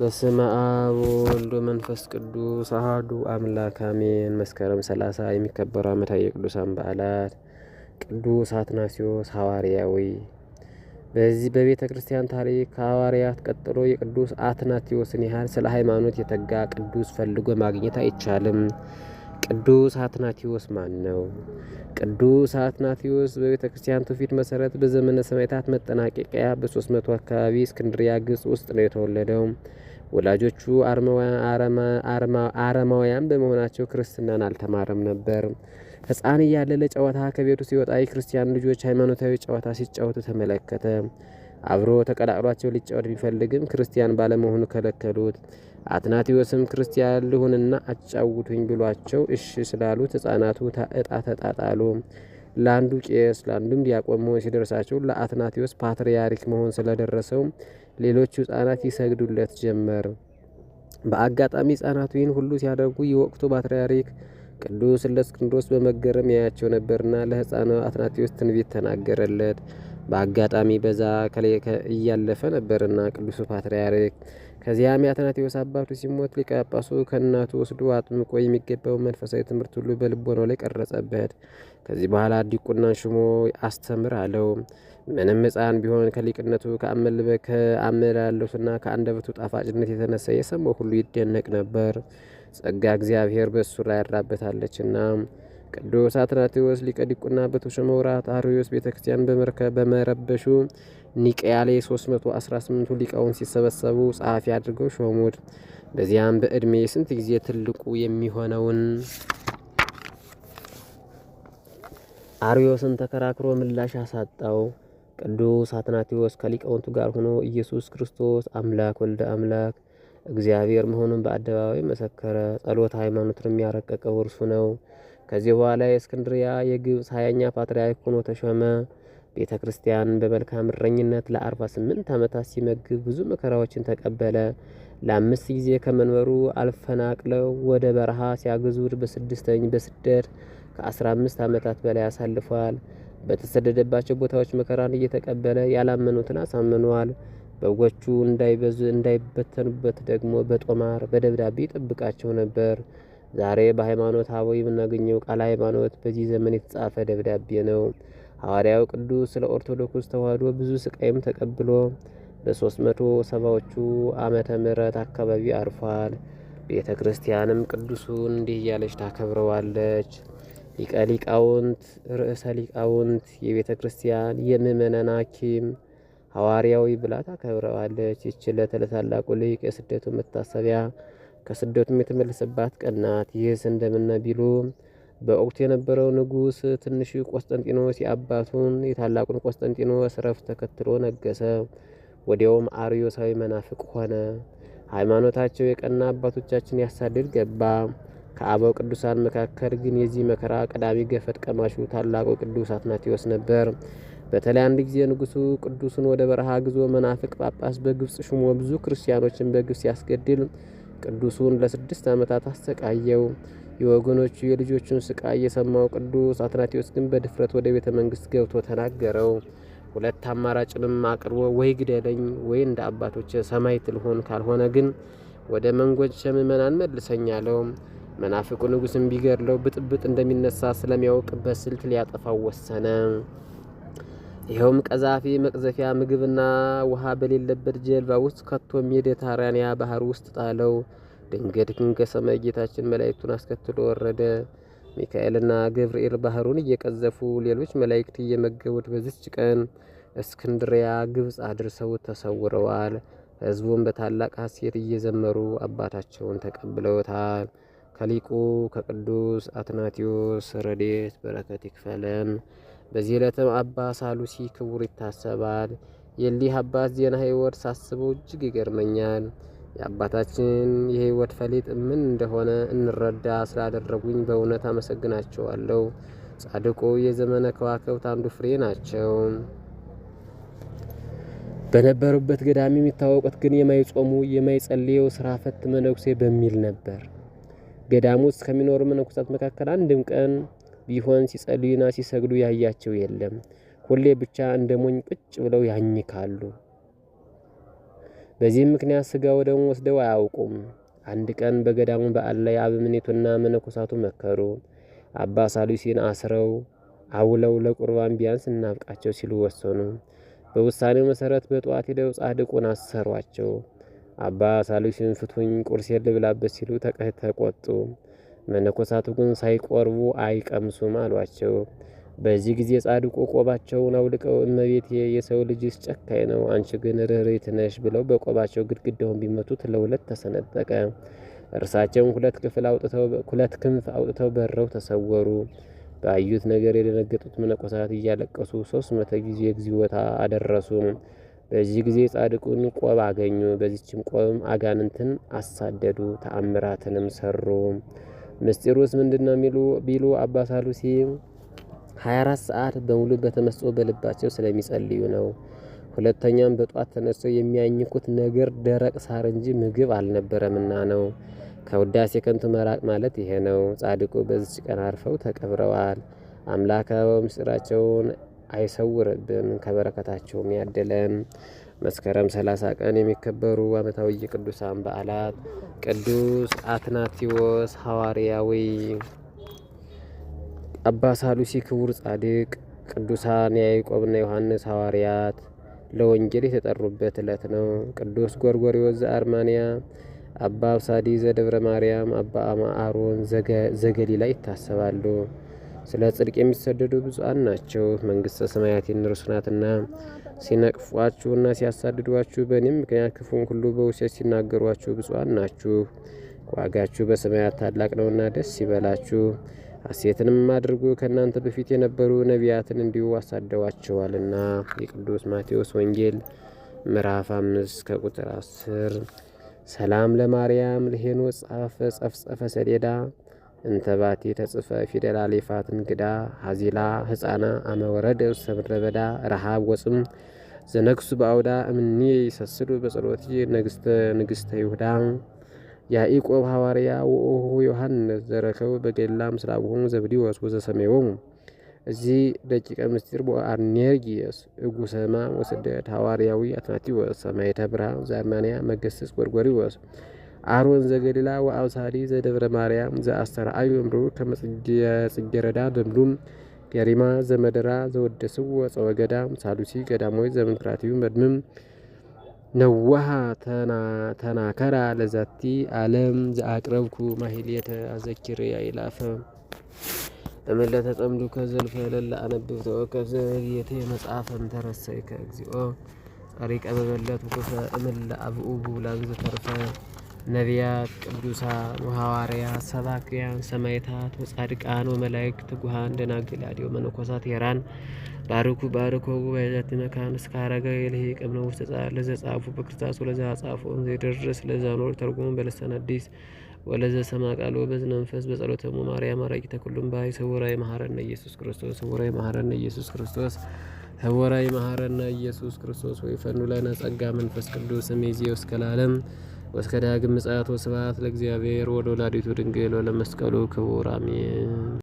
በስመ አብ ወወልድ ወመንፈስ ቅዱስ አህዱ አምላክ አሜን። መስከረም 30 የሚከበሩ ዓመታዊ የቅዱሳን በዓላት ቅዱስ አትናሲዮስ ሐዋርያዊ። በዚህ በቤተ ክርስቲያን ታሪክ ከሐዋርያት ቀጥሎ የቅዱስ አትናቲዮስን ያህል ስለ ሃይማኖት የተጋ ቅዱስ ፈልጎ ማግኘት አይቻልም። ቅዱስ አትናቴዎስ ማን ነው? ቅዱስ አትናቴዎስ በቤተ ክርስቲያን ትውፊት መሰረት በዘመነ ሰማዕታት መጠናቀቂያ በ300 አካባቢ እስክንድሪያ ግብጽ ውስጥ ነው የተወለደው። ወላጆቹ አረማውያን በመሆናቸው ክርስትናን አልተማረም ነበር። ሕፃን እያለ ለጨዋታ ከቤቱ ሲወጣ የክርስቲያን ልጆች ሃይማኖታዊ ጨዋታ ሲጫወቱ ተመለከተ። አብሮ ተቀላቅሏቸው ሊጫወት ቢፈልግም ክርስቲያን ባለመሆኑ ከለከሉት። አትናቴዎስም ክርስቲያን ልሁንና አጫውቱኝ ብሏቸው እሺ ስላሉት ሕፃናቱ እጣ ተጣጣሉ። ለአንዱ ቄስ ለአንዱም ዲያቆን መሆን ሲደርሳቸው ለአትናቴዎስ ፓትርያርክ መሆን ስለደረሰው ሌሎቹ ሕፃናት ይሰግዱለት ጀመር። በአጋጣሚ ሕፃናቱ ይህን ሁሉ ሲያደርጉ የወቅቱ ፓትርያርክ ቅዱስ እለእስክንድሮስ በመገረም ያያቸው ነበርና ለሕፃኑ አትናቴዎስ ትንቢት ተናገረለት። በአጋጣሚ በዛ እያለፈ ነበርና ቅዱሱ ፓትርያርክ ከዚያም የአትናቴዎስ አባቱ ሲሞት ሊቀ ጳጳሱ ከእናቱ ወስዶ አጥምቆ የሚገባውን መንፈሳዊ ትምህርት ሁሉ በልቦናው ላይ ቀረጸበት። ከዚህ በኋላ ዲቁናን ሹሞ አስተምር አለው። ምንም ሕፃን ቢሆን ከሊቅነቱ ከአመላለሱና ከአንደበቱ ጣፋጭነት የተነሳ የሰማው ሁሉ ይደነቅ ነበር። ጸጋ እግዚአብሔር በእሱ ላይ ያራበታለችና። ቅዱስ አትናቴዎስ ሊቀ ዲቁና በተሾመ ወራት አርዮስ ቤተ ክርስቲያን በመረበሹ ኒቀያሌ 318 ሊቃውን ሲሰበሰቡ ጸሐፊ አድርገው ሾሙት። በዚያም በእድሜ ስንት ጊዜ ትልቁ የሚሆነውን አርዮስን ተከራክሮ ምላሽ አሳጣው። ቅዱስ አትናቴዎስ ከሊቃውንቱ ጋር ሆኖ ኢየሱስ ክርስቶስ አምላክ ወልደ አምላክ እግዚአብሔር መሆኑን በአደባባይ መሰከረ። ጸሎት ሃይማኖትን የሚያረቀቀው እርሱ ነው። ከዚህ በኋላ የእስክንድሪያ የግብፅ ሀያኛ ፓትርያርክ ሆኖ ተሾመ። ቤተ ክርስቲያን በመልካም እረኝነት ለ48 ዓመታት ሲመግብ ብዙ መከራዎችን ተቀበለ። ለአምስት ጊዜ ከመንበሩ አልፈናቅለው ወደ በረሃ ሲያግዙድ በስድስተኝ በስደት ከ15 ዓመታት በላይ አሳልፏል። በተሰደደባቸው ቦታዎች መከራን እየተቀበለ ያላመኑትን አሳምኗል። በጎቹ እንዳይበዙ እንዳይበተኑበት ደግሞ በጦማር በደብዳቤ ይጠብቃቸው ነበር። ዛሬ በሃይማኖት አበው የምናገኘው ቃለ ሃይማኖት በዚህ ዘመን የተጻፈ ደብዳቤ ነው። ሐዋርያው ቅዱስ ስለ ኦርቶዶክስ ተዋህዶ ብዙ ስቃይም ተቀብሎ በሶስት መቶ ሰባዎቹ ዓመተ ምሕረት አካባቢ አርፏል። ቤተ ክርስቲያንም ቅዱሱን እንዲህ እያለች ታከብረዋለች። ሊቀ ሊቃውንት፣ ርዕሰ ሊቃውንት፣ የቤተ ክርስቲያን የምእመናን ሐኪም ሐዋርያዊ ብላ ታከብረዋለች። ይችለ ለታላቁ ሊቅ የስደቱ መታሰቢያ ከስደቱም የተመለሰባት ቀን ናት። ይህስ እንደምን ቢሉ በወቅቱ የነበረው ንጉሥ ትንሽ ቆስጠንጢኖስ የአባቱን የታላቁን ቆስጠንጢኖስ ረፍት ተከትሎ ነገሰ። ወዲያውም አርዮሳዊ መናፍቅ ሆነ። ሃይማኖታቸው የቀና አባቶቻችን ያሳድድ ገባ። ከአበው ቅዱሳን መካከል ግን የዚህ መከራ ቀዳሚ ገፈት ቀማሹ ታላቁ ቅዱስ አትናቴዎስ ነበር። በተለይ አንድ ጊዜ ንጉሱ ቅዱሱን ወደ በረሃ ግዞ መናፍቅ ጳጳስ በግብፅ ሹሞ ብዙ ክርስቲያኖችን በግብፅ ያስገድል። ቅዱሱን ለስድስት ዓመታት አሰቃየው። የወገኖቹ የልጆቹን ስቃይ የሰማው ቅዱስ አትናቴዎስ ግን በድፍረት ወደ ቤተ መንግስት ገብቶ ተናገረው። ሁለት አማራጭንም አቅርቦ ወይ ግደለኝ ወይ እንደ አባቶች ሰማዕት ልሆን፣ ካልሆነ ግን ወደ መንጎች ምእመናን መልሰኝ አለው። መናፍቁ ንጉሥም ቢገድለው ብጥብጥ እንደሚነሳ ስለሚያውቅ በስልት ሊያጠፋው ወሰነ። ይኸውም ቀዛፊ መቅዘፊያ ምግብና ውሃ በሌለበት ጀልባ ውስጥ ከቶ ሜዲተራኒያ ባህር ውስጥ ጣለው። ድንገት ግን ከሰማይ ጌታችን መላእክቱን አስከትሎ ወረደ። ሚካኤልና ገብርኤል ባህሩን እየቀዘፉ፣ ሌሎች መላእክት እየመገቡት በዚች ቀን እስክንድሪያ ግብፅ አድርሰው ተሰውረዋል። ሕዝቡም በታላቅ ሐሴት እየዘመሩ አባታቸውን ተቀብለውታል። ከሊቁ ከቅዱስ አትናቴዎስ ረዴት በረከት ይክፈለን። በዚህ ዕለትም አባ ሳሉሲ ክቡር ይታሰባል። የሊህ አባት ዜና ሕይወት ሳስበው እጅግ ይገርመኛል። የአባታችን የሕይወት ፈሊጥ ምን እንደሆነ እንረዳ ስላደረጉኝ በእውነት አመሰግናቸዋለሁ። ጻድቁ የዘመነ ከዋክብት አንዱ ፍሬ ናቸው። በነበሩበት ገዳሚ የሚታወቁት ግን የማይጾሙ የማይጸልየው ስራ ፈት መነኩሴ በሚል ነበር። ገዳሙ ውስጥ ከሚኖሩ መነኮሳት መካከል አንድም ቀን ቢሆን ሲጸልዩና ሲሰግዱ ያያቸው የለም። ሁሌ ብቻ እንደ ሞኝ ቁጭ ብለው ያኝካሉ። በዚህም ምክንያት ስጋ ወደሙን ወስደው አያውቁም። አንድ ቀን በገዳሙ በዓል ላይ አበምኔቱና መነኮሳቱ መከሩ። አባ ሳሉሲን አስረው አውለው ለቁርባን ቢያንስ እናብቃቸው ሲሉ ወሰኑ። በውሳኔው መሰረት በጠዋት ሄደው ጻድቁን አሰሯቸው። አባ ሳልዩስን ፍቱኝ ቁርሴን ልብላበት ሲሉ ተቆጡ። መነኮሳቱ ግን ሳይቆርቡ አይቀምሱም አሏቸው። በዚህ ጊዜ ጻድቁ ቆባቸውን አውልቀው እመቤቴ፣ የሰው ልጅስ ጨካኝ ነው፣ አንቺ ግን ርኅርኅት ነሽ ብለው በቆባቸው ግድግዳውን ቢመቱት ለሁለት ተሰነጠቀ። እርሳቸውን ሁለት ክፍል አውጥተው ሁለት ክንፍ አውጥተው በረው ተሰወሩ። ባዩት ነገር የደነገጡት መነኮሳት እያለቀሱ ሶስት መቶ ጊዜ እግዚኦታ አደረሱ። በዚህ ጊዜ ጻድቁን ቆብ አገኙ። በዚችም ቆብም አጋንንትን አሳደዱ፣ ተአምራትንም ሰሩ። ምስጢሩስ ምንድነው ነው የሚሉ ቢሉ አባ ሳሉሲ 24 ሰዓት በሙሉ በተመስጦ በልባቸው ስለሚጸልዩ ነው። ሁለተኛም በጧት ተነስተው የሚያኝኩት ነገር ደረቅ ሳር እንጂ ምግብ አልነበረምና ነው። ከውዳሴ ከንቱ መራቅ ማለት ይሄ ነው። ጻድቁ በዚች ቀን አርፈው ተቀብረዋል። አምላካው ምስጢራቸውን አይሰውርብን ከበረከታቸውም ያደለን መስከረም 30 ቀን የሚከበሩ ዓመታዊ የቅዱሳን በዓላት ቅዱስ አትናቲዎስ ሐዋርያዊ፣ አባ ሳሉሲ ክቡር ጻድቅ፣ ቅዱሳን ያዕቆብና ዮሐንስ ሐዋርያት ለወንጌል የተጠሩበት ዕለት ነው። ቅዱስ ጎርጎርዮስ ዘአርማንያ፣ አባ አብሳዲ ዘደብረ ማርያም፣ አባ አማአሮን ዘገሊላ ይታሰባሉ። ስለ ጽድቅ የሚሰደዱ ብፁዓን ናቸው፣ መንግሥተ ሰማያት የእነርሱ ናትና። ሲነቅፏችሁና ሲያሳድዷችሁ በእኔም ምክንያት ክፉን ሁሉ በውሸት ሲናገሯችሁ ብፁዓን ናችሁ፣ ዋጋችሁ በሰማያት ታላቅ ነውና ደስ ይበላችሁ። ሐሴትንም አድርጉ፣ ከእናንተ በፊት የነበሩ ነቢያትን እንዲሁ አሳደዋቸዋልና። የቅዱስ ማቴዎስ ወንጌል ምዕራፍ አምስት ከቁጥር አስር ሰላም ለማርያም ልሄኖ ጻፈ ጸፍጸፈ ሰሌዳ እንተባቲ ተጽፈ ፊደላ ሌፋት እንግዳ ሀዚላ ህፃና አመወረደ ውስተ በዳ ረሃብ ወፅም ዘነግሱ በአውዳ እምኒ ይሰስዱ ነግስተ ንግስተ ይሁዳ ያዕቆብ ሐዋርያ ወኦሁ ዮሐንስ ዘረከቡ በገሊላ ምስራቅሆሙ ዘብዲዎስ ወዘሰሜዎሙ እዚ ደቂቀ ምስጢር ቦአርኔርጊየስ እጉሰማ ወስደት ሐዋርያዊ አትናቲዎስ ሰማይተ ብርሃን ዘአርማንያ መገሰጽ ጎርጎሪዎስ አሮን ዘገሊላ ወአብሳሊ ዘደብረ ማርያም ዘአስተርአዩ እምሩ ከመጽጌረዳ ደምዱም ገሪማ ዘመደራ ዘወደስው ወፀወ ገዳም ሳሉሲ ገዳሞች ዘምንክራቲዩ መድምም ነዋሃ ተናከራ ለዛቲ ዓለም ዘአቅረብኩ ማህሌተ አዘኪር ያይላፈ እምለተ ተጸምዱ ዘልፈ ለለ አነብብ ተወከፍ ዘጌቴ መጽሐፈም ተረሰይከ እግዚኦ ጸሪቀ በበለት ውቁፈ እምለ አብኡ ቡላግ ዘተርፈ ነቢያት፣ ቅዱሳን ወሐዋርያት፣ ሰባክያን፣ ሰማይታት፣ ወጻድቃን ወመላእክት፣ ጉሃን፣ ደናግል፣ አድዮ መነኮሳት፣ የራን ባርኩ ባርኮ ጉባኤያት መካን እስከ አረገ የልሂቅ እምነው ውስጥ ለዘ ጻፉ በክርስታስ ወለዘ ጻፉ ዘደረስ ለዛ ኖር ተርጉሙ በለሰን አዲስ ወለዘ ሰማ ቃል ወበዝ መንፈስ በጸሎተሙ ማርያም አራቂተ ተኩሉም ባይ ሰውራይ መሐረነ ኢየሱስ ክርስቶስ ሰውራይ መሐረነ ኢየሱስ ክርስቶስ ሰውራይ መሐረነ ኢየሱስ ክርስቶስ ወይ ፈኑ ለነ ጸጋ መንፈስ ቅዱስ እምይእዜሰ ከላለም ወስከ ዳግም ምጽአት ወስብሐት ለእግዚአብሔር ወደ ወላዲቱ ድንግል ወለመስቀሉ ክቡር አሜን።